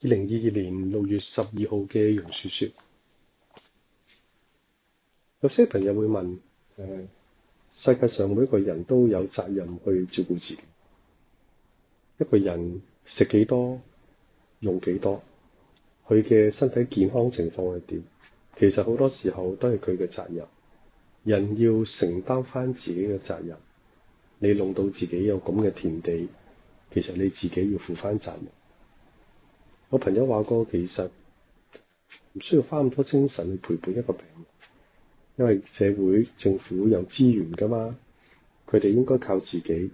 二零二二年六月十二號嘅楊樹說：，有些朋友會問，嗯，世界上每一個人都有責任去照顧自己。一個人食幾多，用幾多，佢嘅身體健康情況係點？其實好多時候都係佢嘅責任。人要承擔翻自己嘅責任。你弄到自己有咁嘅田地，其實你自己要負翻責任。我朋友話過，其實唔需要花咁多精神去陪伴一個病人，因為社會政府有資源㗎嘛。佢哋應該靠自己。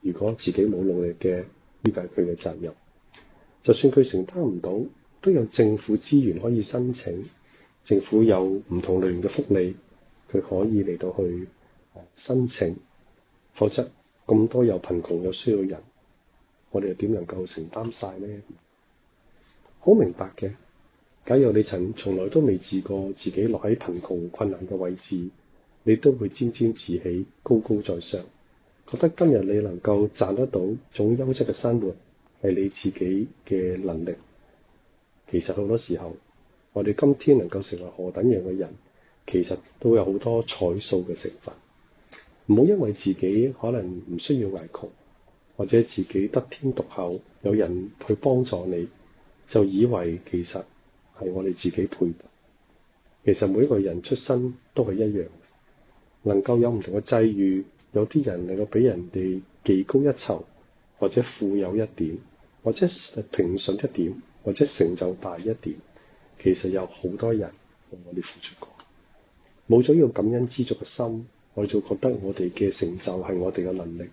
如果自己冇努力嘅，呢個係佢嘅責任。就算佢承擔唔到，都有政府資源可以申請。政府有唔同類型嘅福利，佢可以嚟到去申請。否則咁多有貧窮有需要嘅人，我哋又點能夠承擔晒呢？好明白嘅。假如你曾從來都未試過自己落喺貧窮困難嘅位置，你都會沾沾自喜、高高在上，覺得今日你能夠賺得到種優質嘅生活，係你自己嘅能力。其實好多時候，我哋今天能夠成為何等樣嘅人，其實都有好多彩數嘅成分。唔好因為自己可能唔需要挨窮，或者自己得天獨厚，有人去幫助你。就以為其實係我哋自己配。其實每一個人出身都係一樣，能夠有唔同嘅際遇，有啲人能夠比人哋技高一籌，或者富有一點，或者平順一點，或者成就大一點。其實有好多人為我哋付出過，冇咗呢個感恩知足嘅心，我就覺得我哋嘅成就係我哋嘅能力。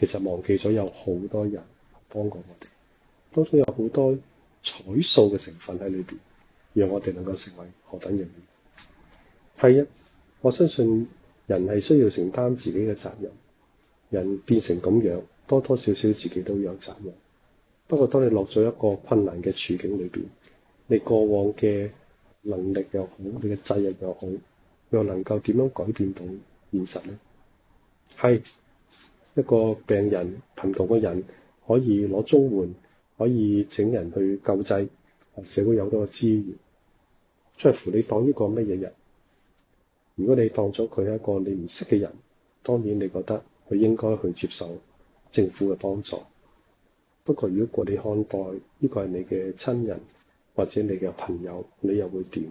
其實忘記咗有好多人幫過我哋，當中有好多。彩數嘅成分喺裏邊，讓我哋能夠成為何等人物？係啊，我相信人係需要承擔自己嘅責任。人變成咁樣，多多少少自己都有責任。不過當你落咗一個困難嘅處境裏邊，你過往嘅能力又好，你嘅責任又好，又能夠點樣改變到現實呢？係一個病人，貧窮嘅人可以攞綜援。可以請人去救濟，社會有好多資源，在乎你當一個乜嘢人。如果你當咗佢係一個你唔識嘅人，當然你覺得佢應該去接受政府嘅幫助。不過如果你看待呢個係你嘅親人或者你嘅朋友，你又會點？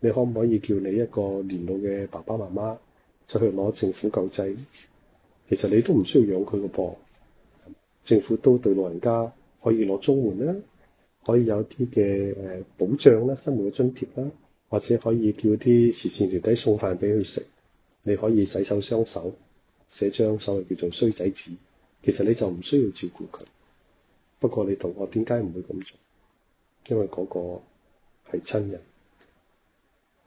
你可唔可以叫你一個年老嘅爸爸媽媽就去攞政府救濟？其實你都唔需要養佢嘅噃。政府都對老人家可以攞綜援啦，可以有啲嘅誒保障啦、啊，生活嘅津貼啦、啊，或者可以叫啲慈善團體送飯俾佢食。你可以洗手雙手，寫張所謂叫做衰仔紙，其實你就唔需要照顧佢。不過你同我點解唔會咁做？因為嗰個係親人，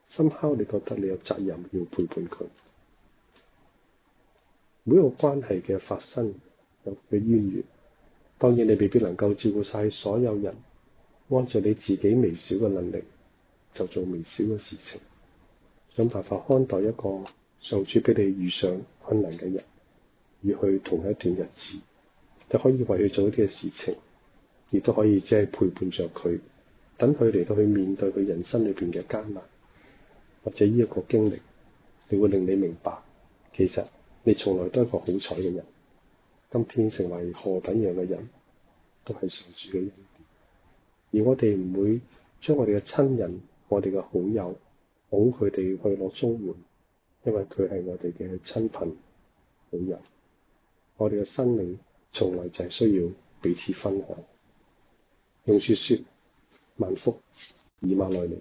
深刻你覺得你有責任要陪伴佢。每一個關係嘅發生，嘅淵源，當然你未必能夠照顧晒所有人，按照你自己微小嘅能力，就做微小嘅事情，想辦法看待一個上主俾你遇上困難嘅人，與佢同一段日子，你可以為佢做一啲嘅事情，亦都可以只係陪伴着佢，等佢嚟到去面對佢人生裏邊嘅艱難，或者呢一個經歷，你會令你明白，其實你從來都係一個好彩嘅人。今天成為何等樣嘅人都係受主嘅恩典，而我哋唔會將我哋嘅親人、我哋嘅好友哄佢哋去攞綜援，因為佢係我哋嘅親朋好友，我哋嘅生命從嚟就係需要彼此分享。用説説萬福以馬內利。